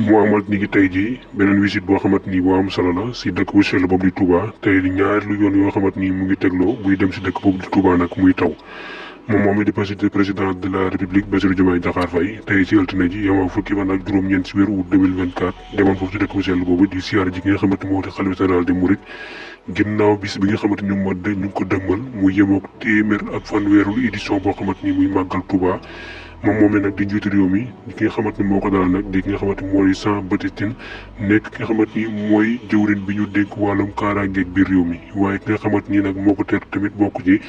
moo amal ni ngi tey jii beneen visite boo xamante ni boo am solo la si dëkk bu sell boobu di Touba tey di yoon yoo xamante ni mu ngi tegloo buy dem si dëkk boobu di Touba nag muy taw moom moom di président de la république Bassirou Diomaye Diakhar Faye tey ci altine ji yemoo fukki juróom-ñeent si weeru foofu si dëkk bu sell boobu di siyaar ji ki nga xamante moo di xalifa général ni mu yemook téeméer ak fanweerul édition boo xamante ni muy màggal moom moomee nag di jiitu réew mi ki nga xamante ni moo ko dalal nag di ki nga xamante ni mooy Jean-Baptiste nekk ki nga xamante ni mooy jëwriñ bi ñu dénk wàllum kaaraangeeg biir réew mi waaye ki nga xamante ni nag moo ko teer tamit bokk ci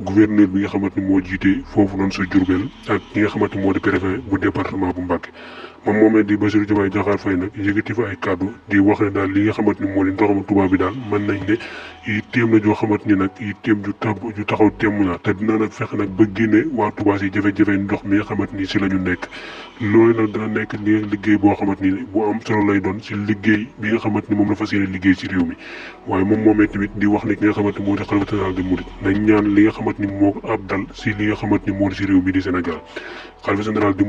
gouverneur bi nga xamante ni moo jiite foofu noonu sa Diourbel ak ki nga xamante ni moo di préfet bu département bu Mbacké moom moomee di Bassirou Diomaye Diakhar Faye nag yëkkati ay kàddu di wax ne daal li nga xamante ni moo di ndoxamu tubaab bi daal mën nañ ne yitteem la joo xamante ni na te dina nag fexe nag xamante ni si nag ñaan li nga xamante ni moo ab dal si li nga xamante ni moo di Sénégal xalifa général des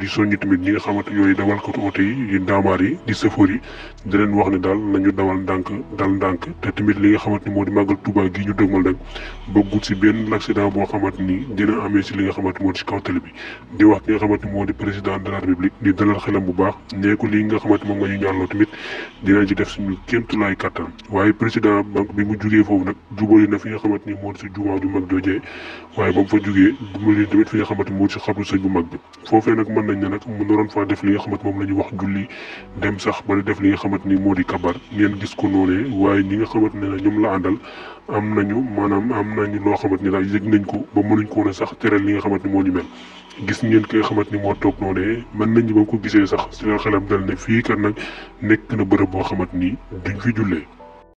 di soññi tamit ñi yi yu yi di sëfoor yi di wax ne daal nañu dawal ndànk dal ndànk te tamit li nga xamante ni moo di màggal Tuubaa gi ñu dëgmal nag bëggut si benn accident boo xamante ni dina amee si li nga xamante moo di si kaw télé bi di wax ki nga xamante moo di président de la république di dalal xelam bu baax nee ko lii nga xamante moom nga ñu ñaanloo tamit dinañ ci def suñu kéemtulaay kattan waaye président banque bi mu jugee foofu nag jubali na fi nga xamante ni moo di si jumaa ju mag joojee waaye ba mu fa jugee jubali tamit fi nga xamante si xabru mag bi foofee nag mën nañ ne nag mu naroon faa def li nga xamante moom la ñuy wax julli dem sax ba def li nga xamante ni moo di kabar ngeen gis ko noonee waaye ñi nga xamante ne ñoom la àndal ko ba nga xamante moo ñu gis ngeen koy xamante ni moo toog noonee mën nañ ba ko gisee sax si la xelam dal ne fii kat nag nekk na bërëb boo xamante ni duñ fi jullee.